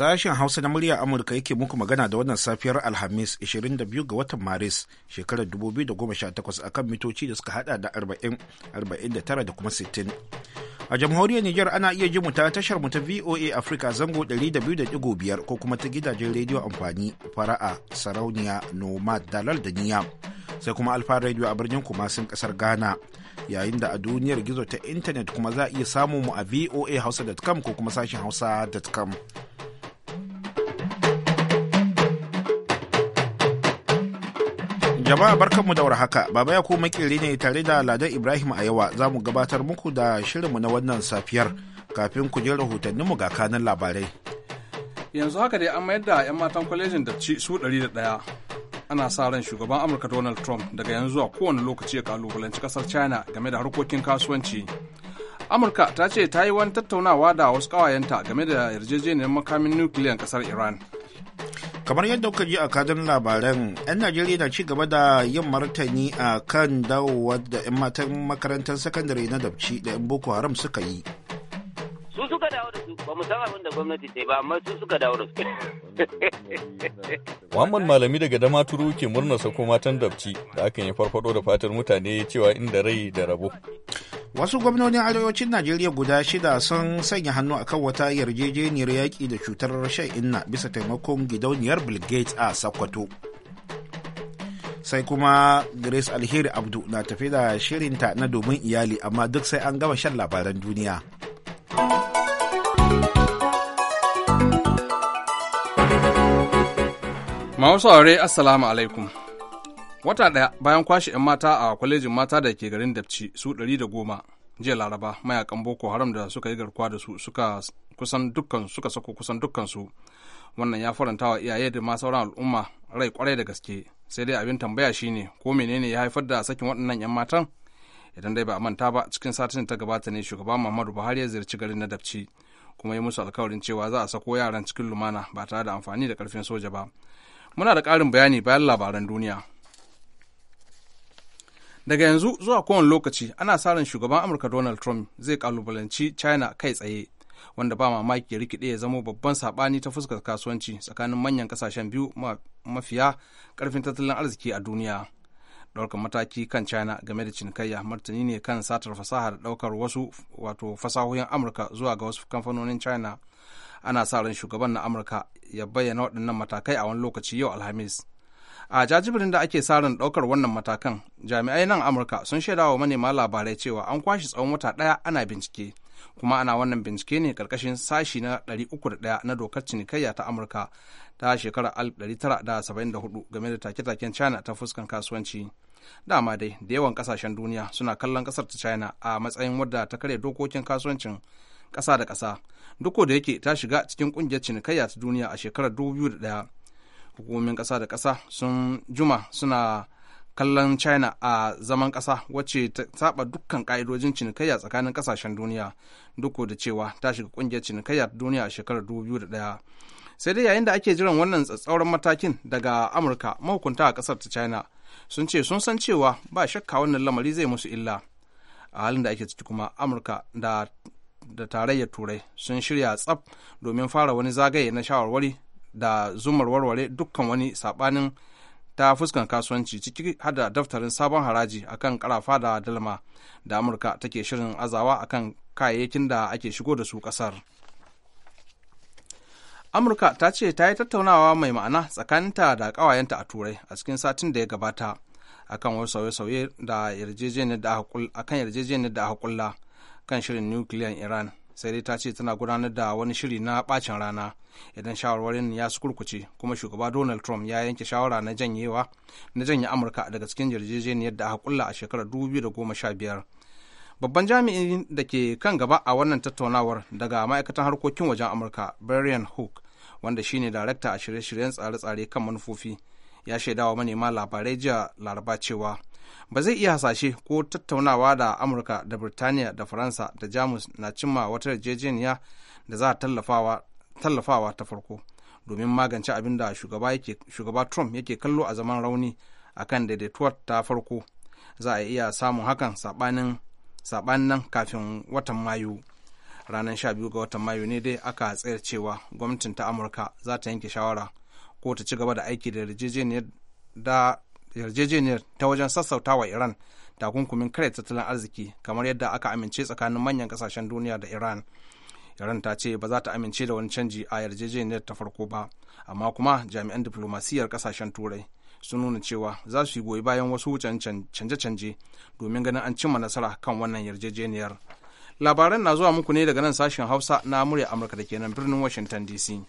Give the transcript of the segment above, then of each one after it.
Sashen Hausa na murya Amurka yake muku magana da wannan safiyar Alhamis 22 ga watan Maris shekarar 2018 akan mitoci da suka hada da 40, 49 da kuma 60. A jamhuriyar Nijar ana iya ji mu ta tashar mu ta VOA Africa zango 200.5 ko kuma ta gidajen rediyo amfani fara'a sarauniya nomad dalal da niya sai kuma alfa radio a birnin kumasin kasar Ghana yayin da a duniyar gizo ta intanet kuma za a iya samu mu a voahausa.com ko kuma sashen hausa.com Jama'a barkanmu da haka Baba Yakubu makeri ne tare da Ladan Ibrahim a yawa za mu gabatar muku da shirinmu na wannan safiyar kafin ku je rahotanninmu ga kanan labarai. Yanzu haka dai an mayar da 'yan matan kwalejin da ci su 101 ana sa ran shugaban Amurka Donald Trump daga yanzu a kowane lokaci ya kalubalanci kasar China game da harkokin kasuwanci. Amurka ta ce ta yi wani tattaunawa da wasu ƙawayenta game da yarjejeniyar makamin nukiliyan kasar Iran. kamar yadda kuka ji a kadin labaran 'yan najeriya na ci gaba da yin martani a kan dawowa da 'yan matan makarantar sakandare na dabci da 'yan boko haram suka yi su suka dawo da su ba mu san abin da gwamnati ta ba amma su suka dawo da su Muhammad Malami daga Damaturu ke murna sako matan dabci da akan yi farfado da fatar mutane cewa inda rai da rabo wasu gwamnonin arewacin najeriya guda shida sun sanya hannu a kan wata yarjejeniyar yaƙi da cutar rashin inna bisa taimakon gidauniyar bill gates a sakkwato sai kuma grace alheri abdu na tafi da shirinta na domin iyali amma duk sai an gama shan labaran duniya aure Assalamu alaikum. wata ɗaya bayan kwashe 'yan mata a kwalejin mata da ke garin dabci su 110 jiya laraba mayakan boko haram da suka yi garkuwa da su suka kusan dukkan suka sako kusan dukkan su wannan ya faranta wa iyaye da ma sauran al'umma rai kwarai da gaske sai dai abin tambaya shine ko menene ya haifar da sakin waɗannan 'yan matan idan dai ba a manta ba cikin satin ta gabata ne shugaba muhammadu buhari ya ziyarci garin na dabci kuma ya musu alkawarin cewa za a sako yaran cikin lumana ba tare da amfani da karfin soja ba muna da ƙarin bayani bayan labaran duniya daga yanzu zuwa kowane lokaci ana sa ran shugaban amurka donald trump zai kalubalanci china kai tsaye wanda ba mamaki ya rikide ya zama babban sabani ta fuskar kasuwanci tsakanin manyan kasashen biyu mafiya karfin tattalin arziki a duniya ɗaukar mataki kan china game da cinikayya martani ne kan satar fasaha da ɗaukar wasu wato fasahohin amurka zuwa ga wasu kamfanonin china ana sa ran shugaban na amurka ya bayyana waɗannan matakai a wani lokaci yau alhamis a jajibirin da ake sa ran ɗaukar wannan matakan jami'ai nan amurka sun shaida wa manema labarai cewa an kwashe tsawon wata ɗaya ana bincike kuma ana wannan bincike ne karkashin sashi na 301 na dokar cinikayya ta amurka ta shekarar 1974 game da take-taken china ta fuskan kasuwanci dama dai da yawan kasashen duniya suna kallon kasar ta china a matsayin wadda ta karya dokokin kasuwancin kasa da kasa duk da yake ta shiga cikin ƙungiyar cinikayya ta duniya a shekarar 2001 hukumomin ƙasa da ƙasa sun juma suna kallon china a zaman ƙasa wacce ta saba dukkan ƙa'idojin cinikayya tsakanin ƙasashen duniya duk da cewa ta shiga ƙungiyar cinikayya duniya a shekarar 2001 sai dai yayin da ake jiran wannan tsatsauran matakin daga amurka mahukunta a ƙasar ta china sun ce sun san cewa ba shakka wannan lamari zai musu illa a halin da ake ciki kuma amurka da tarayyar turai sun shirya tsaf domin fara wani zagaye na shawarwari da zumar warware dukkan wani sabanin ta fuskan kasuwanci ciki har daftarin sabon haraji akan karafa da dalma da amurka take shirin azawa akan kayayyakin da ake shigo da su kasar amurka ta ce ta yi tattaunawa mai ma'ana tsakaninta da kawayenta a turai a cikin satin da ya gabata akan wasu sauye-sauye da yarjejeniyar da aka kulla kan shirin nukiliyan iran sai dai ta ce tana gudanar da wani shiri na bacin rana idan shawarwarin ya su kurkuce kuma shugaba donald trump ya yanke shawara na janyewa na janye amurka daga cikin yarjejeniyar da aka kulla a shekarar biyar. babban jami'in da ke kan gaba a wannan tattaunawar daga ma'aikatan harkokin wajen amurka brian hook wanda shine darakta a shirye-shiryen tsare-tsare kan manufofi ya shaidawa manema labarai jiya laraba cewa ba zai iya hasashe ko tattaunawa da amurka da birtaniya da faransa da jamus na cimma wata yarjejeniya da za a tallafawa ta farko domin magance abin da shugaba trump yake kallo a zaman rauni a kan daidaituwar ta farko za a iya samun hakan saɓanin nan kafin watan mayu ranar 12 ga watan mayu ne dai aka tsayar cewa gwamnatin ta amurka za ta yanke shawara ko ta ci gaba da aiki da yarjejeniyar da yarjejeniyar ta wajen sassauta wa iran takunkumin kare tattalin arziki kamar yadda aka amince tsakanin manyan kasashen duniya da iran iran ta ce ba za ta amince da wani canji a yarjejeniyar ta farko ba amma kuma jami'an diflomasiyyar kasashen turai sun nuna cewa za su yi goyi bayan wasu canje-canje domin ganin an cimma nasara kan wannan yarjejeniyar labaran na zuwa muku ne daga nan sashen hausa na murya amurka da ke nan birnin washington dc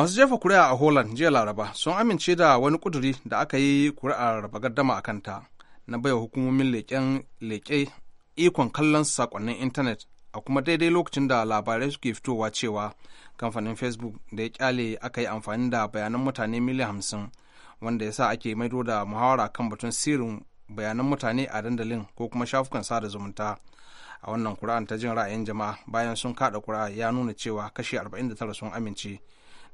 masu jefa kuri'a a holland jiya laraba sun amince da wani kuduri da aka yi kuri'ar raba gardama a kanta na baiwa hukumomin leƙe ikon kallon sakonnin intanet a kuma daidai lokacin da labarai suke fitowa cewa kamfanin facebook da ya kyale aka yi amfani da bayanan mutane miliyan hamsin wanda ya sa ake maido da muhawara kan batun sirrin bayanan mutane a dandalin ko kuma shafukan sada zumunta a wannan kura'an ta jin ra'ayin jama'a bayan sun kada kura'a ya nuna cewa kashi 49 sun amince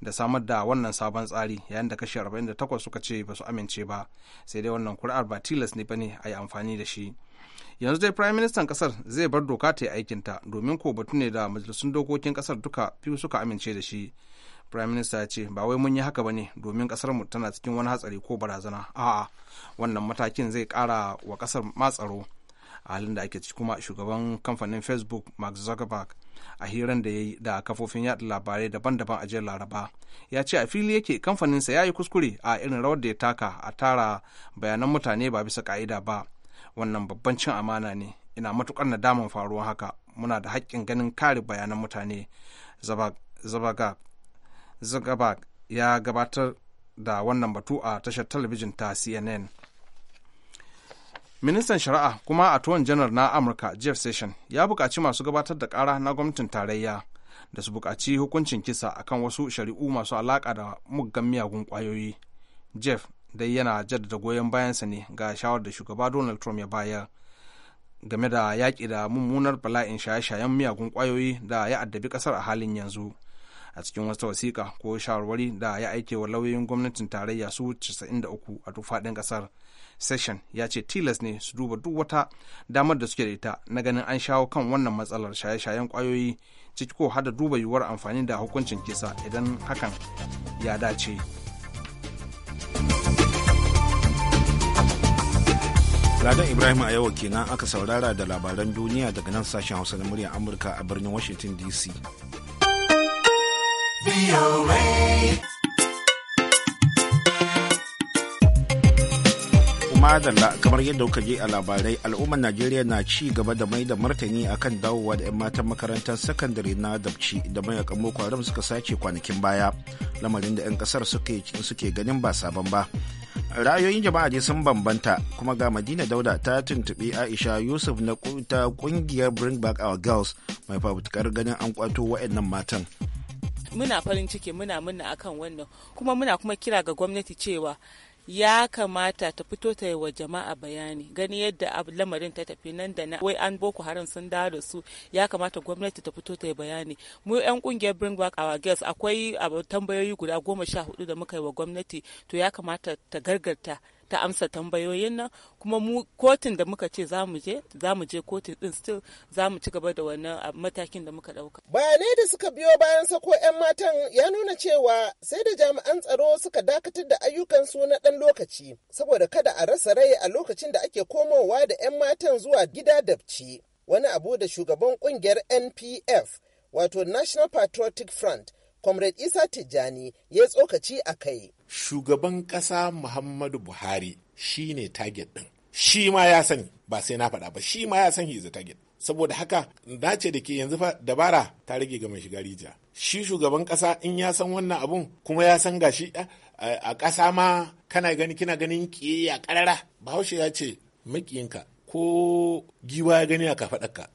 da samar da wannan sabon tsari yayin da kashi 48 suka ce ba su amince ba sai dai wannan kuri'ar ba tilas ne ba ne a yi amfani da shi yanzu dai prime minister kasar zai bar doka ta yi aikinta domin ko batu ne da majalisun dokokin kasar duka biyu suka amince da shi prime minister ya ce ba wai mun yi haka ba ne domin kasar mu tana cikin wani hatsari ko barazana a'a wannan matakin zai kara wa kasar matsaro a halin da ake ci kuma shugaban kamfanin facebook mark zuckerberg a hiran da ya yi da kafofin yada labarai daban-daban a jiyar laraba ya ce a fili yake kamfaninsa ya yi kuskure a irin rawar da ya taka a tara bayanan mutane ba bisa ka'ida ba wannan babban cin amana ne ina matukar nadaman faruwa haka muna da haƙƙin ganin kare bayanan mutane zuckerberg ya gabatar da wannan batu a tashar talabijin ta cnn ministan shari'a kuma a tuwon janar na amurka jeff session ya buƙaci masu gabatar da ƙara na gwamnatin tarayya da su buƙaci hukuncin kisa akan wasu shari'u masu alaƙa da muggan miyagun ƙwayoyi jeff dai yana jaddada goyon bayansa ne ga shawar da shugaba donald trump ya bayar game da yaƙi da mummunar bala'in shaye-shayen miyagun ƙwayoyi da ya addabi ƙasar a halin yanzu. a cikin wasu wasiƙa ko shawarwari da ya aike wa lauyoyin gwamnatin tarayya su 93 a duk faɗin ƙasar session ya ce tilas ne su duba duk wata damar da suke da ita na ganin an shawo kan wannan matsalar shaye-shayen kwayoyi ciki ko hada duba yiwuwar amfani da hukuncin kisa idan hakan ya dace Ladan Ibrahim a yau kenan aka saurara da labaran duniya daga nan sashen Hausa na muryar Amurka a birnin Washington DC. madalla kamar yadda kuka je a labarai al'ummar najeriya na ci gaba da mai da martani akan dawowa da 'yan matan makarantar sakandare na dabci da mayakan boko haram suka sace kwanakin baya lamarin da 'yan kasar suke ganin ba sabon ba rayoyin jama'a dai sun bambanta kuma ga madina dauda ta tuntuɓi aisha yusuf na ta kungiyar bring back our girls mai fafutukar ganin an kwato wa'annan matan muna farin ciki muna muna akan wannan kuma muna kuma kira ga gwamnati cewa ya kamata ta fito ta yi wa jama'a bayani gani yadda lamarin ta tafi nan da na wai an boko haram sun dawo da su ya kamata gwamnati ta fito ta yi bayani mu yan kungiyar bring back our girls akwai tambayoyi guda goma sha hudu da muka yi wa gwamnati to ya kamata ta gargarta ta amsa tambayoyin nan kuma mu kotun da muka ce za mu je za mu je kotun din still za mu ci gaba da wannan matakin da muka dauka bayanai da suka biyo bayan sako yan matan ya nuna cewa sai da jami'an tsaro suka dakatar da ayyukan su na dan lokaci saboda kada a rasa rai a lokacin da ake komowa da yan matan zuwa gida dabci wani abu da shugaban kungiyar npf wato national patriotic front comrade isa tijjani ya tsokaci a kai shugaban ƙasa muhammadu buhari shi ne target ɗin shi ma ya sani ba sai na faɗa ba shi ma ya san he target saboda haka na ce da ke yanzu fa dabara ta rage ga mai shiga rijiya shi shugaban ƙasa in ya san wannan abun kuma ya san gashi a ƙasa ma kana gani kina ganin a ƙarara. bahaushe ya ce maƙiyinka ko giwa ya gani a ka,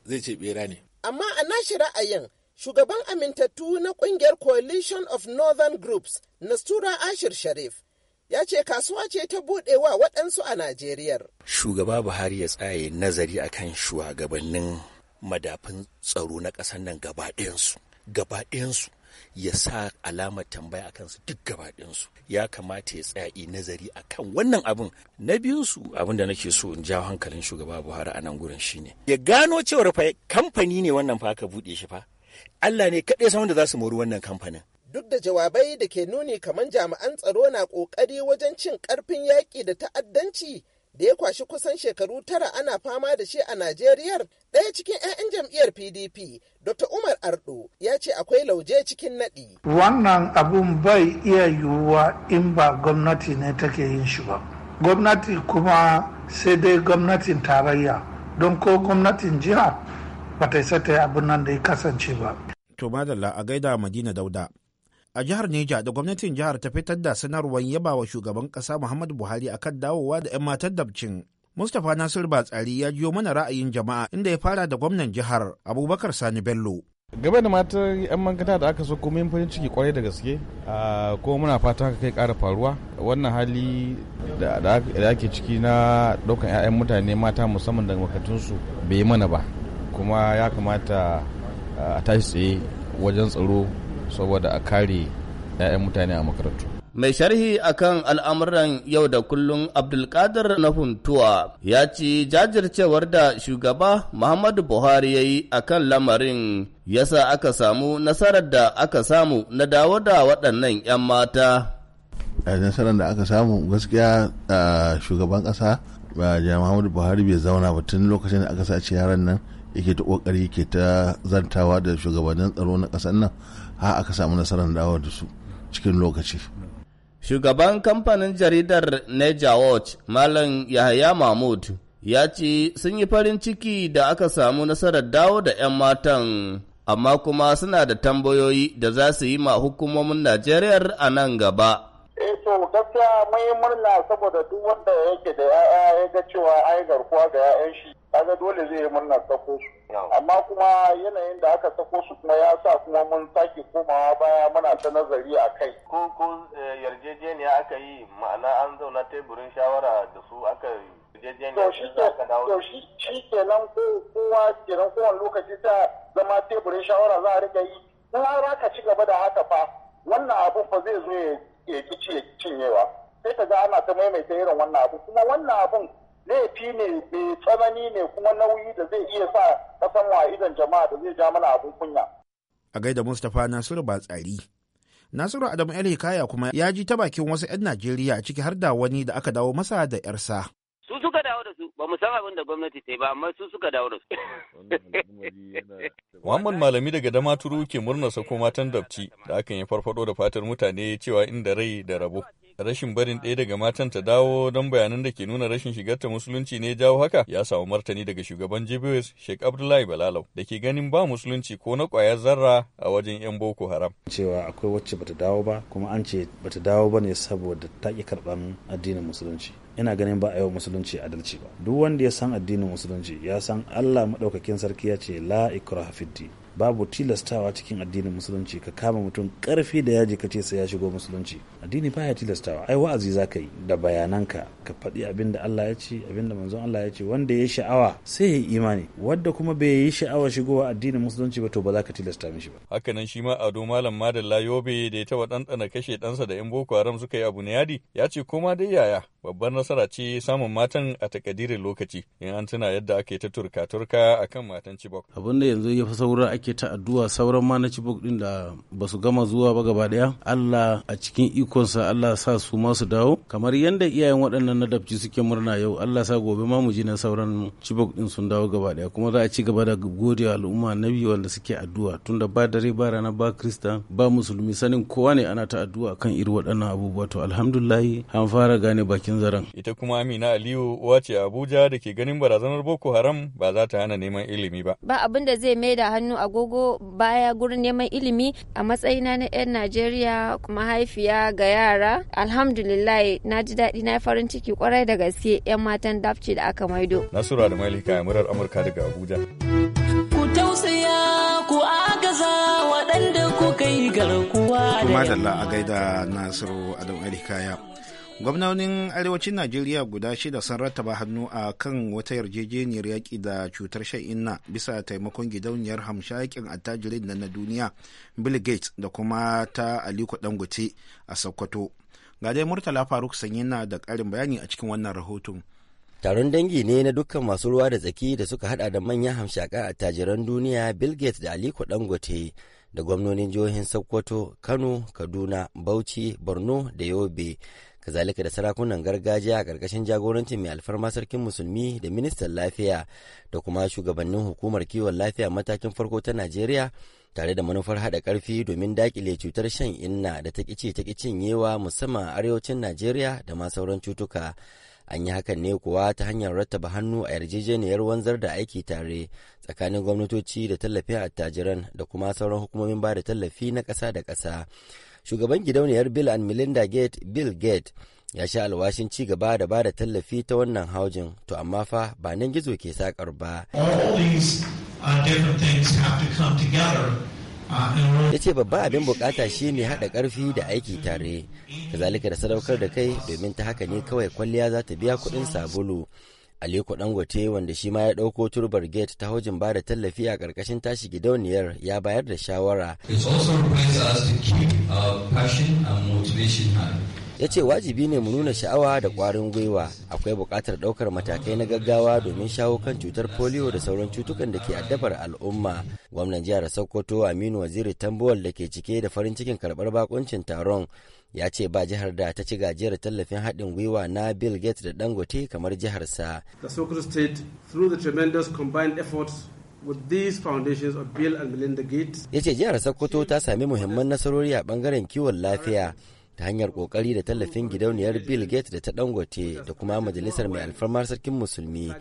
zai ce bera ne amma a nashi ra'ayin shugaban amintattu na kungiyar coalition of northern groups nastura ashir sharif ya ce kasuwa ce ta buɗewa waɗansu a najeriyar shugaba buhari ya tsaye nazari akan shugabannin madafin tsaro na ƙasar nan gabaɗayansu gabaɗayansu ya sa alamar tambaya akan su duk gabaɗinsu ya kamata ya tsaye nazari akan wannan abin na biyunsu abin da nake so in jawo hankalin shugaba buhari a nan gurin shine ya gano cewar fa kamfani ne wannan fa ka buɗe shi fa Allah ne kaɗai san wanda za su mori wannan kamfanin. Duk da jawabai da ke nuni kamar jami'an tsaro na ƙoƙari wajen cin ƙarfin yaƙi da ta'addanci da ya kwashi kusan shekaru tara ana fama da shi a Najeriya ɗaya cikin 'ya'yan jam'iyyar PDP Dr. Umar Ardo ya ce akwai lauje cikin naɗi. Wannan abun bai iya yiwuwa in ba gwamnati ne take yin shi ba. Gwamnati kuma sai dai gwamnatin tarayya don ko gwamnatin jiha ba ta yi abin nan da ya kasance ba. To madalla a gaida Madina Dauda. A jihar Neja da gwamnatin jihar ta fitar da sanarwar yabawa shugaban kasa Muhammadu Buhari akan dawowa da 'yan matan dabcin. Mustapha Nasir Batsari ya jiyo mana ra'ayin jama'a inda ya fara da gwamnan jihar Abubakar Sani Bello. game da matar 'yan mankata da aka so kuma farin ciki kwarai da gaske kuma muna fata ka kai kara faruwa wannan hali da ake ciki na ɗaukan 'ya'yan mutane mata musamman daga makatunsu bai yi mana ba kuma ya kamata a tashi tsaye wajen tsaro saboda a kare 'ya'yan mutane a makarantu mai sharhi akan al'amuran yau da kullum abdulkadir na huntuwa ya ci jajircewar da shugaba muhammadu buhari ya yi akan lamarin yasa aka samu nasarar da aka samu na dawo da waɗannan 'yan mata a eh, nasarar da aka samu gaskiya shugaban ƙasa muhammadu buhari bai zauna ba tun lokacin da aka sace yaran nan yake ta kokari ke ta zantawa da shugabannin tsaro na ƙasar nan ha aka samu nasarar dawo da su cikin lokaci shugaban kamfanin jaridar niger watch malam yahaya mahmud ya ce sun yi farin ciki da aka samu nasarar dawo da 'yan matan amma kuma suna da tambayoyi da za su yi ma hukumomin najeriya a nan gaba eh to gaskiya mai murna saboda duk wanda yake da ya'ya ya ga cewa ai garkuwa ga ya'yan shi kaga dole zai yi murna sako su amma kuma yanayin da aka sako su kuma ya sa kuma mun sake komawa baya muna ta nazari a kai ko ko eh, yarjejeniya aka yi ma'ana an zauna teburin shawara da su aka to shi kenan kowa kenan kowane lokaci ta zama teburin shawara za a riƙa yi kuma za ka ci gaba da haka fa wannan abun fa zai zo ya ci cinyewa sai ka ga ana ta maimaita irin wannan abu kuma wannan abun laifi ne mai tsanani ne kuma nauyi da zai iya sa kasan wa'idan idon jama'a da zai ja mana abin kunya. A gaida Mustapha Nasiru tsari. Nasiru Adamu El Hikaya kuma ya ji ta bakin wasu 'yan Najeriya ciki har da wani da aka dawo masa da 'yarsa. Su suka dawo da su, ba mu san abin da gwamnati ta yi ba, amma su suka dawo da su. Muhammad Malami daga Damaturu ke murnar sako matan dabci da akan ya farfado da fatar mutane cewa inda rai da rabo. rashin barin ɗaya daga matan ta dawo don bayanan da ke nuna rashin shigarta musulunci ne jawo haka ya samu martani daga shugaban JBS Sheikh Abdullahi Balalau da ke ganin ba musulunci ko na ƙwayar zarra a wajen 'yan Boko Haram. Cewa akwai wacce bata dawo ba kuma an ce bata dawo ba ne saboda ta ƙi karɓan addinin musulunci. ina ganin ba a yi wa musulunci adalci ba duk wanda ya san addinin musulunci ya san allah maɗaukakin sarki ya ce la ikraha fiddi babu tilastawa cikin addinin musulunci ka kama mutum karfi da yaji ka ce sai ya shigo musulunci addini ba tilastawa ai wa'azi za ka yi da bayananka ka faɗi abin da Allah ya ce abin da manzon Allah ya ce wanda ya sha'awa sai ya yi imani wanda kuma bai yi sha'awa shigowa addinin musulunci ba to ba za ka tilasta mishi ba hakanan shi ma ado malam madalla yobe da ya taba ɗanɗana kashe ɗansa da yan boko haram suka yi abu yadi ya ce koma dai yaya babbar nasara ce samun matan a takadirin lokaci in an tuna yadda ake ta turka turka akan matan cibok abin da yanzu ya fi saura ake ake ta addu'a sauran ma na Chibok din da ba su gama zuwa ba gaba daya Allah a cikin ikonsa Allah sa su ma su dawo kamar yadda iyayen waɗannan na dabci suke murna yau Allah sa gobe ma mu ji na sauran Chibok din sun dawo gaba daya kuma za a ci gaba da gode wa al'umma nabi wanda suke addu'a tunda ba dare ba rana ba krista ba musulmi sanin kowa ne ana ta addu'a kan irin waɗannan abubuwa to alhamdulillah an fara gane bakin zaren ita kuma Amina Aliyu uwa ce Abuja da ke ganin barazanar Boko Haram ba za ta hana neman ilimi ba ba abin da zai mai da hannu a agogo baya gurin neman ilimi a matsayina na 'yan Najeriya kuma haifiya ga yara. Alhamdulillah na ji daɗi na farin ciki kwarai da gaske 'yan matan dafci da aka maido. Nasura da Malika murar Amurka daga Abuja. Ku tausaya ku agaza waɗanda ku kai garkuwa da. Madalla a gaida Nasiru Adam Alikaya. gwamnonin arewacin najeriya guda shida sun rattaba hannu a kan wata yarjejeniyar yaƙi da cutar shan inna bisa taimakon gidauniyar hamshakin attajirin na duniya bill gates da kuma ta aliko dangote a sokoto ga dai murtala faruk sanyi na da ƙarin bayani a cikin wannan rahoton taron dangi ne na dukkan masu ruwa da tsaki da suka hada da manyan hamshakan attajiran duniya bill gates da aliko dangote da gwamnonin jihohin sokoto kano kaduna bauchi borno da yobe kazalika da sarakunan gargajiya a karkashin jagorancin mai alfarma sarkin musulmi da ministan lafiya da kuma shugabannin hukumar kiwon lafiya matakin farko ta najeriya tare da manufar haɗa karfi domin dakile cutar shan inna da ta ƙice ta cinyewa musamman arewacin najeriya da ma sauran cutuka an yi hakan ne kuwa ta hanyar rattaba hannu a yarjejeniyar wanzar da aiki tare tsakanin gwamnatoci da tallafin attajiran da kuma sauran hukumomin ba da tallafi na ƙasa da ƙasa shugaban gidauniyar bill and melinda gate bill gate ya sha alwashin ci gaba da ba da tallafi ta wannan haujin to amma fa ba nan gizo ke sakar ba uh, uh, ya ce babban abin bukata shi ne haɗa karfi da aiki tare kazalika da sadaukar da kai domin ta haka ne kawai kwalliya za ta biya kuɗin sabulu Aliko Dangote wanda shi ma ya ɗauko turbar gate ta hujin ba da tallafi a ƙarƙashin tashi gidauniyar ya bayar da shawara. Ya ce wajibi ne mu nuna sha'awa da ƙwarin gwiwa akwai buƙatar ɗaukar matakai na gaggawa domin shawo kan cutar polio da sauran cutukan da ke addabar al'umma. Gwamnan jihar Sokoto Aminu Waziri Tambuwal da ke cike da farin cikin karɓar bakuncin taron ya ce ba jihar da ta ci gajiyar tallafin haɗin gwiwa na bill gates da dangote kamar jiharsa the sokoto state through the efforts with these foundations of bill and melinda gates ya ce jihar sokoto ta sami muhimman nasarori a bangaren kiwon lafiya ta hanyar kokari da tallafin gidauniyar bill gates da ta dangote da kuma majalisar mai alfarmar sarkin musulmi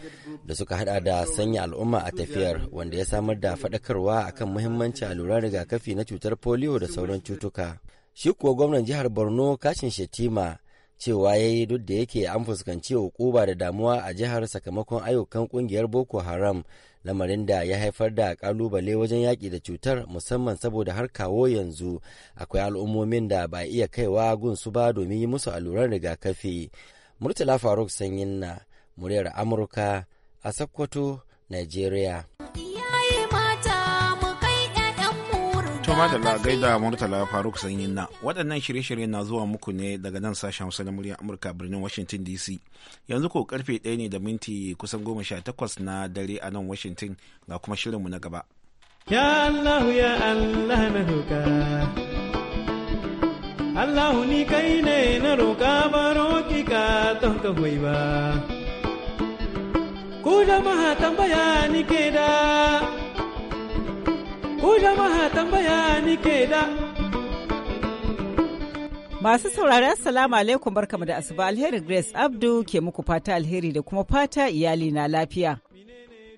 da suka hada da sanya al'umma a tafiyar wanda ya samar da faɗakarwa akan muhimmancin alluran rigakafi na cutar polio da sauran cutuka Shi kuwa gwamnan jihar Borno Kashin Shetima cewa ya yi duk da yake an fuskanci hukuba da damuwa a jihar sakamakon ayyukan kungiyar Boko Haram lamarin da ya haifar da kalubale wajen yaƙi da cutar musamman saboda har kawo yanzu akwai al'ummomin da ba iya kaiwa gun su ba domin yi musu alluran rigakafi. Murtala Faruk Sanyin na muryar Amurka a Sokoto, Nigeria. To madalla gaida Murtala Faruk Sanyin na waɗannan shirye shiryen na zuwa muku ne daga nan sashen Hausa na muryar Amurka birnin Washington DC. Yanzu ko karfe ɗaya ne da minti kusan goma sha na dare a nan Washington ga kuma shirinmu na gaba. Ya Allah ya Allah na roƙa. Allah ni kai ne na roƙa ba roƙi ka don ka ba. Ku jama'a tambaya ni ke da. Ku jama'a tambaya ni ke da. Masu saurari Assalamu alaikum barkamu da asuba alheri Grace Abdu ke muku fata alheri da kuma fata iyali na lafiya.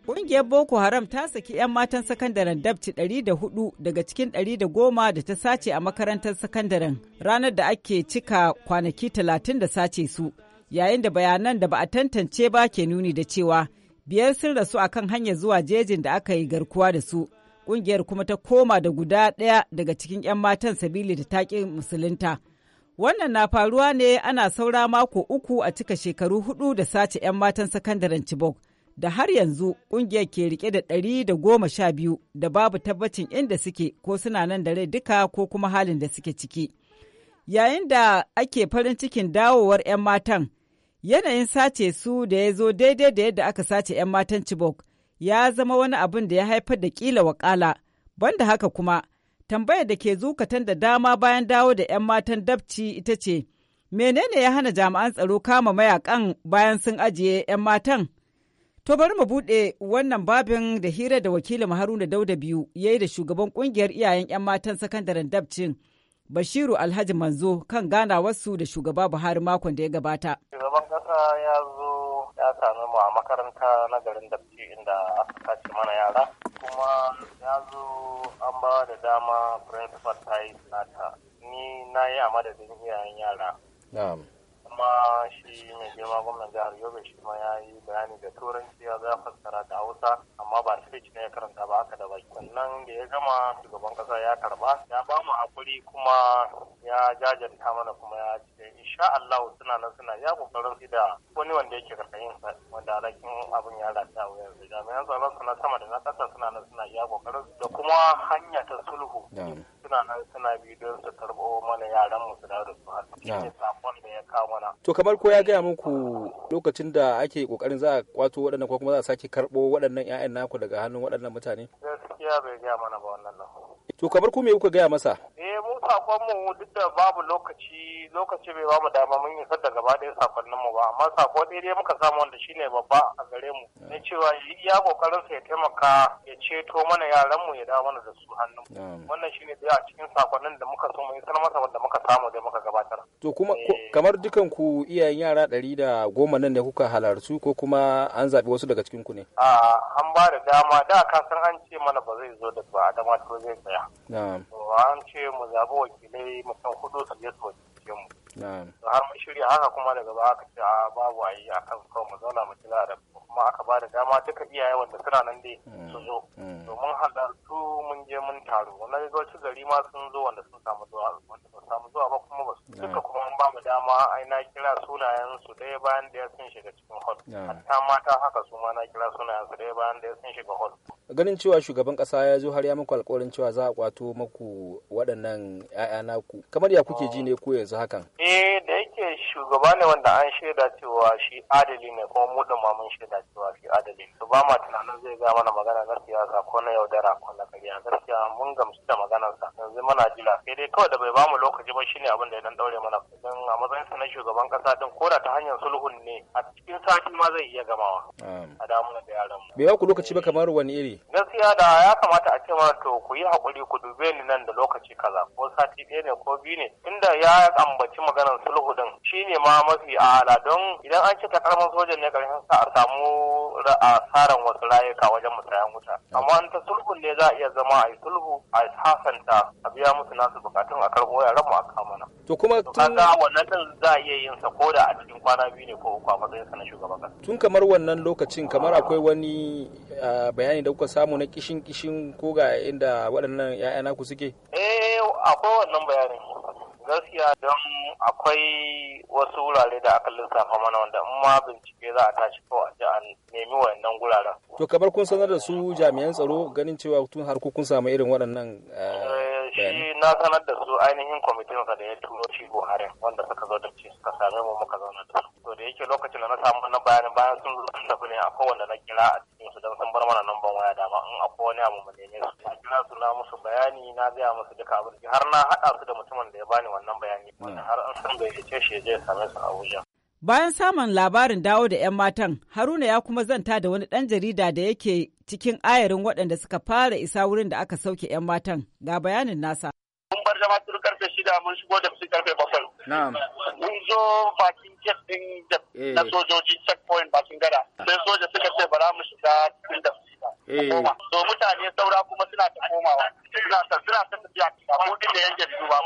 kungiyar Boko Haram ta saki 'yan matan sakandaren dabci 104 daga cikin 110 da ta sace a makarantar sakandaren ranar da ake cika kwanaki 30 da sace su, yayin da bayanan da ba a tantance ba ke nuni da cewa biyar sun rasu akan hanyar zuwa jejin da aka yi garkuwa da su. kungiyar kuma ta koma da guda ɗaya daga cikin 'yan matan sabili da taƙi musulunta. Wannan na faruwa ne ana saura mako uku a cika shekaru hudu da sace 'yan matan sakandaren Chibok. Da har yanzu kungiyar ke rike da ɗari da goma sha biyu da babu tabbacin inda suke ko suna nan da rai duka ko kuma halin da suke ciki. Yayin da ake farin cikin dawowar 'yan matan, yanayin sace su da ya zo daidai da yadda aka sace 'yan matan Chibok. ya zama wani abin da ya haifar da kila wakala banda haka kuma tambayar da ke zukatan da dama bayan dawo da 'yan matan dabci ita ce menene ya hana jami'an tsaro kama mayakan bayan sun ajiye 'yan matan to bari mu bude wannan babin da hira da wakilin haruna dauda biyu yayi da shugaban kungiyar iyayen 'yan matan sakandaren dabcin bashiru alhaji manzo kan gana wasu da shugaba buhari makon da ya gabata shugaban kasa ya zo ya sami mu a makaranta na garin da mana yara kuma ya zo an ba da dama principal ta yi nata ni na yi a madadin iyayen yara kuma shi mai girma gwamnan jihar yobe shi ma ya yi bayani da turanci ya zai fassara da hausa amma ba a ne ya karanta ba haka da baki sannan da ya gama shugaban kasa ya karba ya ba mu hakuri kuma ya jajanta mana kuma ya ce insha Allah suna nan suna ya kokarin su da wani wanda yake karkayin sa wanda alakin abin ya rata wa yanzu jami'an tsaro su na sama da na kasa suna nan suna ya kokarin da kuma hanya ta sulhu suna nan suna bi don su karbo mana yaran mu su da su haka ne da ya kawo zamfara. To kamar ko ya gaya muku lokacin da ake kokarin za a kwato waɗannan ko kuma za a sake karɓo waɗannan 'ya'yan naku daga hannun waɗannan mutane? Gaskiya bai gaya mana ba wannan To kamar ku me kuka gaya masa? Eh mu sakon mu duk da babu lokaci lokaci bai ba mu dama mun yi da gaba ɗaya sakonnin mu ba amma sako ɗaya dai muka samu wanda shine babba a gare mu na cewa ya kokarin sa ya taimaka ya ceto mana yaran mu ya dawo mana da su hannu wannan shine dai a cikin sakonnin da muka so mu isar masa wanda muka samu da muka gabatar to kuma eh. kamar dukan ku iyayen yara ɗari da goma nan da kuka halarci ko kuma an zaɓi wasu daga cikin ku ne a an ba da dama da ka san an ce mana ba zai zo da ba adama to zai tsaya an ce mu zaɓi wakilai mutum hudu su je su jikinmu. Har mun shirya haka kuma daga ba aka ce babu a yi a kan kawai mu zauna mu ci da kuma aka ba da dama duka iyaye wanda suna nan dai mm. su zo domin mm. halartu mun je mun taro wannan wasu gari ma sun zo wanda sun samu zuwa wanda ba samu zuwa ba kuma ba su duka kuma mun ba mu dama ai na kira sunayen su ɗaya bayan da ya sun shiga cikin hall hatta mata haka su ma na kira sunayen su ɗaya bayan da ya sun shiga hall ganin cewa shugaban kasa ya zo har ya muku alƙawarin cewa za a kwato maku waɗannan 'ya'ya naku kamar ya kuke ji ne ko yanzu hakan eh da ce shugaba ne wanda an shaida cewa shi adali ne kuma mu din mun shaida cewa shi adali ne ba ma tunanin zai ga mana magana na siyasa ko na yaudara ko na ƙarya gaskiya mun gamsu da maganarsa yanzu muna jira sai dai kawai da bai bamu lokaci ba shine abin da ya dan daure mana don a matsayin sa na shugaban kasa din ko da ta hanyar sulhun ne a cikin sati ma zai iya gamawa a damuna da yaran mu bai ku lokaci ba kamar wani iri gaskiya da ya kamata ake mana to ku yi haƙuri ku dube ni nan da lokaci kaza ko sati ɗaya ne ko biyu ne tunda ya ambaci maganar sulhu din shine ma mafi ala don idan an cika karamin sojan ne karshen sa a samu asaran wasu rayuka wajen musayan wuta amma an ta sulhun ne za a iya zama a yi sulhu a hasanta a biya musu nasu bukatun a karɓo yaran mu a kamana. to kuma tun ga wannan din za a iya yin sa ko da a cikin kwana biyu ne ko uku a matsayin sa na shugaban kasa. tun kamar wannan lokacin kamar akwai wani bayani da kuka samu na kishin kishin ko ga inda waɗannan 'ya'ya naku suke? Eh akwai wannan bayanin gaskiya don akwai wasu wurare da aka lissafa mana wanda in ma bincike za a tashi kawai a an nemi wayannan guraren. To kamar kun sanar da su jami'an tsaro ganin cewa tun har kun samu irin waɗannan eh, eh, shi na sanar da su ainihin kwamitin da ya turo shi buhari wanda suka zo da shi suka same mu muka zauna da su to da yake lokacin da na samu na bayani bayan sun tafi ne a kowanne na kira a cikin su don sun bar mana namban waya dama in akwai wani abu mu bayani na gaya musu duka abin har na haɗa su da mutumin da ya bani wannan bayani hmm. har an san bai ce shi je same su a Abuja. Bayan samun labarin dawo da 'yan matan, Haruna ya kuma zanta da wani ɗan jarida da yake cikin ayarin waɗanda suka fara isa wurin da aka sauke 'yan matan ga bayanin nasa. Mun bar jama'ar karfe shida mun shigo da su karfe bakwai. Mun zo bakin jet ɗin eh. na sojoji checkpoint bakin gada. Sai soja suka ce bara mu shiga cikin da Eh. O mutane saura kuma suna ta komawa. Suna ta a yanke su ba.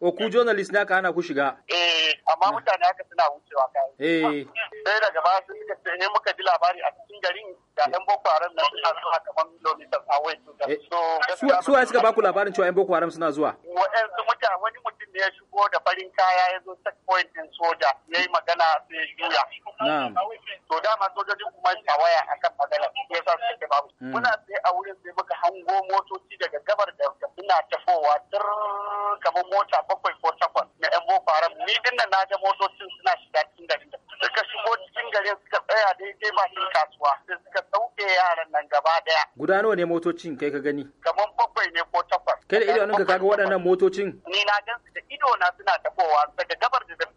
O ku journalist na hana ku shiga. Eh amma mutane haka suna wucewa kai. Eh. Sai daga baya sun suka eh, a cikin garin da yan Boko Haram na suna zuwa kamar away. Eh. So su suka ba ku labarin cewa yan Boko Haram suna zuwa. sai ya shigo da farin kaya ya zo checkpoint din soja ya yi magana sai ya juya. To dama sojojin kuma ta waya akan magana ya sa suke babu. Hmm. Muna sai a wurin sai muka hango motoci daga gabar da suna tafowa dir kamar mota bakwai ko takwas na 'yan boko haram. Ni dinnan na ga motocin suna shiga cikin garin da suka shigo 'yan garin suka tsaya daidai masu kasuwa sai suka sauke yaran nan gaba daya. Guda nawa ne motocin kai ka gani? Kamar bakwai ne ko takwas. Kai da ido ka kaga waɗannan motocin? Ni na gan su da ido na suna tafowa daga gabar da zafi.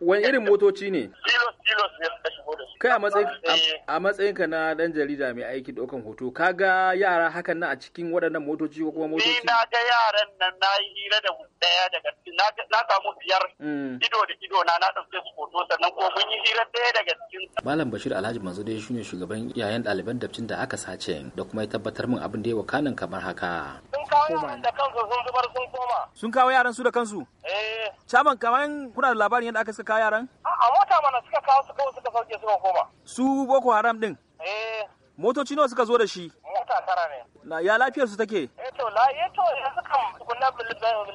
Wani irin motoci ne? Silos silos ne suka shigo da su. Kai a matsayin eh. ka na dan jarida mai aiki ɗaukan hoto kaga yara hakan nan a cikin waɗannan motoci ko kuma motoci? Ni na ga yaran nan na yi hira da ɗaya daga na samu biyar mm. ido da ido na na ɗauke su hoto sannan ko mun yi hira ɗaya daga Malam Bashir Alhaji Manzo dai shine shugaban iyayen ɗaliban dabcin da aka sace da kuma ya tabbatar min abin da ya wakana kamar haka. Sun kawo yaran da kansu sun zubar sun koma. Sun kawo yaran su da kansu? Eh. Caman kaman kuna da labarin yadda aka suka kawo yaran? A mota mana suka kawo su kawai suka sauke suka koma. Su Boko Haram din? Eh. Motoci nawa suka zo da shi? tara ne. Na ya eh eh lafiyar su take? Eh la yanzu kan kunna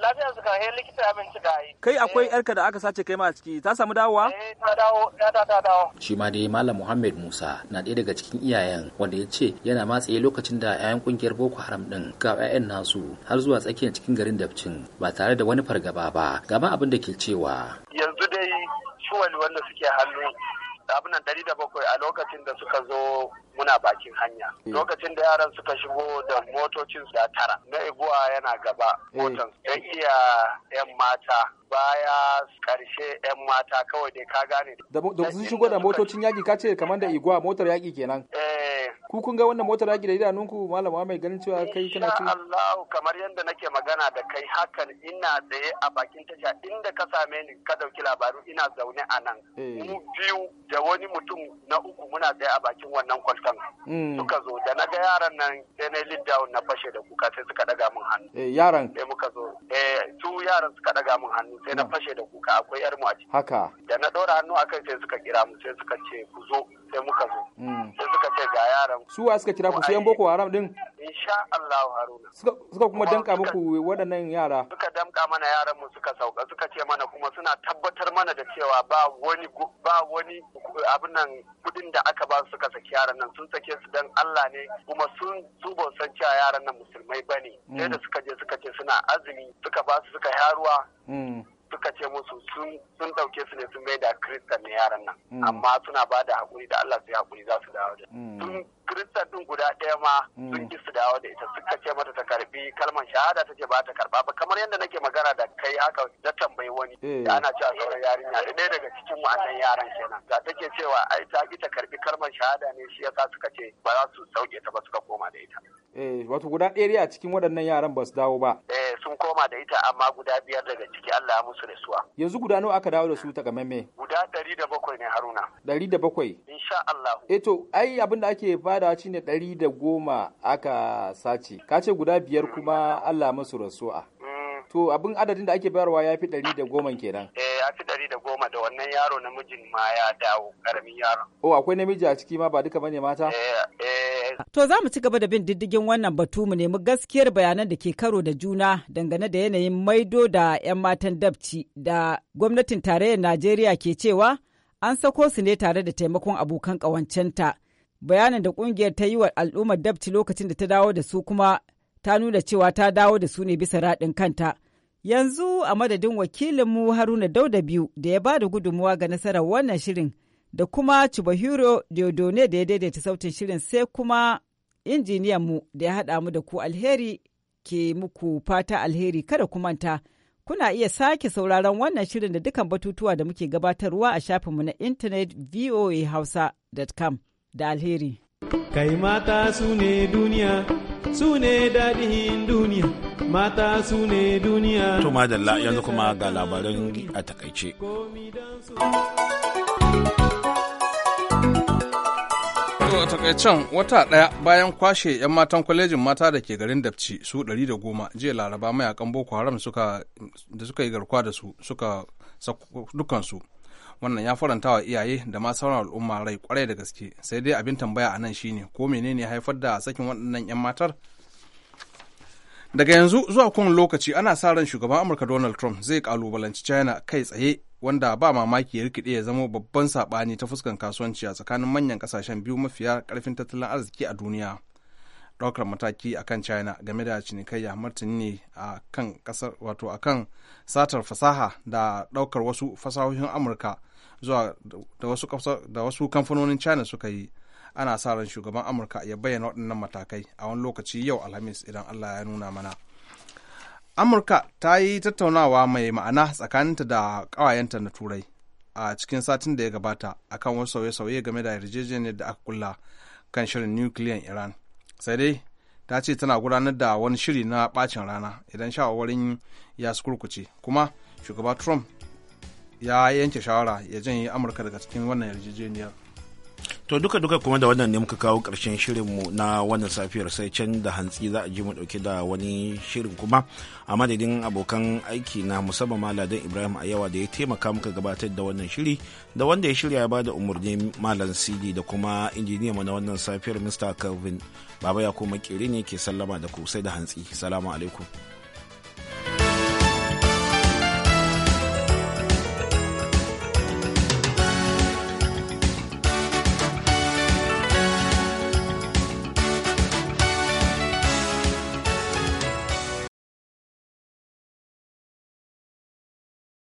lafiyar su kan he likita ya bincika yi. Kai akwai yarka eh. da aka sace kai ma a ciki ta samu dawowa? Eh ta dawo ya ta dawo. Shi ma dai Malam Muhammad Musa na ɗaya daga cikin iyayen wanda ya ce yana matsaye lokacin da 'ya'yan kungiyar Boko Haram din ga 'ya'yan nasu har zuwa tsakiyar cikin garin Dabcin ba tare da wani fargaba ba. Gaba abin da ke cewa. Yanzu dai wani wanda suke hannu abinan ɗari da bakwai a lokacin da suka zo muna bakin hanya hmm. lokacin da yaran suka shigo da motocin da tara na iguwa yana gaba hmm. motan da iya yan mata baya karshe yan mata kawai dai ka gane da sun shigo da motocin yaki ce kamar da iguwa motar yaki kenan eh ku kun ga wannan motar haƙi da idanunku malama mai ganin cewa kai kana cikin Allah kamar yadda nake magana da kai hakan ina tsaye a bakin tasha inda ka same ni ka dauki labaru ina zaune a nan eh. mu biyu da wani mutum na uku muna tsaye a bakin wannan kwalkan hmm. suka zo da na ga yaran nan sai na lid down na fashe da kuka sai suka daga min hannu eh yaran sai muka zo eh su yaran suka daga min hannu sai na hmm. fashe da kuka akwai yar mu a ciki haka da na dora hannu akai sai suka kira mu sai suka ce ku zo sai muka zo hmm. sai suka ce ga yaran Su wa suka kira ku su 'yan Boko Haram din? Insha Allah Haruna. Suka kuma danka muku waɗannan yara? Suka damka mana yaran mu suka sauka suka ce mana kuma suna tabbatar mana da cewa ba wani ba wani abin nan kudin da aka ba su suka saki yaran nan sun sake su dan Allah ne kuma sun su ba san cewa yaran nan musulmai bane. Mm. Sai da suka je suka ce suna azumi suka ba su suka yaruwa. Mm. suka ce musu sun dauke su ne sun mai da kristan ne yaran nan mm. amma suna ba da hakuri da Allah su yi hakuri za su dawo da kirista din guda ɗaya ma mm. sun ki su dawo da ita suka ce mata ta karbi kalmar shahada ta ce ba ta karba ba kamar yadda nake magana da kai haka ta tambayi wani eh. da ana cewa sauran yarinya da ɗaya daga cikin wa'annan yaran kenan da take cewa ai ta ki ta karbi kalmar shahada ne shi yasa suka ce ba za su sauke ta ba suka koma da ita Eh, wato guda ɗaya a cikin waɗannan yaran ba su dawo ba. Eh, sun koma da ita amma guda biyar daga ciki Allah ya musu rasuwa. Yanzu guda nawa aka dawo da su takamaimai? Guda ɗari da bakwai ne Haruna. Ɗari da bakwai? Insha Allah. Eh to, ai abin da ake fadawa shi ne ɗari da goma aka sace. Ka ce guda biyar kuma Allah musu rasuwa. to abin adadin da ake bayarwa ya fi ɗari da goma kenan. Eh ya fi ɗari da goma da wannan yaro namijin ma ya dawo ƙaramin yaro. Oh akwai namiji a ciki ma ba duka bane mata? Eh, eh. To za mu ci gaba da bin diddigin wannan batu mu nemi gaskiyar bayanan da ke karo da juna dangane da yanayin maido da 'yan matan dabci da gwamnatin tarayyar Najeriya ke cewa an sako su ne tare da taimakon abokan ƙawancenta. Bayanin da ƙungiyar ta yi wa al'ummar dabci lokacin da ta dawo da su kuma ta nuna cewa ta dawo da su ne bisa raɗin kanta. Yanzu a madadin wakilinmu Haruna Dauda biyu da ya ba da gudunmuwa ga nasarar wannan shirin da kuma Chubahiro Diodone da ya daidaita sautin shirin sai kuma injiniyanmu da ya haɗa mu da ku alheri ke muku fata alheri kada ku manta. Kuna iya sake sauraron wannan shirin da dukan batutuwa da muke gabatarwa a shafinmu na intanet voahausa.com da alheri. Kai mata su ne duniya, su ne daɗin duniya. mata su ne duniya to madalla yanzu kuma ga labaran a takaice a takaicen wata ɗaya bayan kwashe 'yan matan kwalejin mata da ke garin dabci su 110 jiya laraba mayakan boko haram da suka yi garkuwa da su suka dukansu wannan ya faranta wa iyaye da ma sauran al'umma rai kwarai da gaske sai dai abin tambaya a nan shine ko menene haifar da sakin waɗannan 'yan matar daga yanzu zuwa kowane lokaci ana sa ran shugaban amurka donald trump zai kalubalanci china kai tsaye wanda ba mamaki ya rikide ya zama babban saɓani ta fuskan kasuwanci a tsakanin manyan kasashen biyu mafiya karfin tattalin arziki a duniya ɗaukar mataki a kan china game da cinikayya martini ne a kan kasar wato a kan satar fasaha da ɗaukar wasu fasahohin amurka zuwa da wasu kamfanonin china suka yi ana sa ran shugaban amurka ya bayyana waɗannan matakai a wani lokaci yau alhamis idan allah ya nuna mana amurka ta yi tattaunawa mai ma'ana tsakaninta da ƙawayenta na turai a cikin satin da ya gabata akan wasu sauye-sauye game da yarjejeniyar da aka kulla kan shirin nukiliyan iran sai dai ta ce tana gudanar da wani shiri na bacin rana idan shawarwarin ya su kurkuce kuma shugaba trump ya yanke shawara ya janye amurka daga cikin wannan yarjejeniyar To duka duka kuma da wannan ne muka kawo ƙarshen shirinmu na wannan safiyar sai can da hantsi za a ji mu ɗauke da wani shirin kuma a madadin abokan aiki na musamman Maladin Ibrahim Ayawa da ya taimaka muka gabatar da wannan shiri da wanda ya shirya ya bada umarni Malam cd da kuma injiniya mu na wannan safiyar Mr. Calvin Baba ya kuma ne ke sallama da ku sai da hantsi. Salamu alaikum.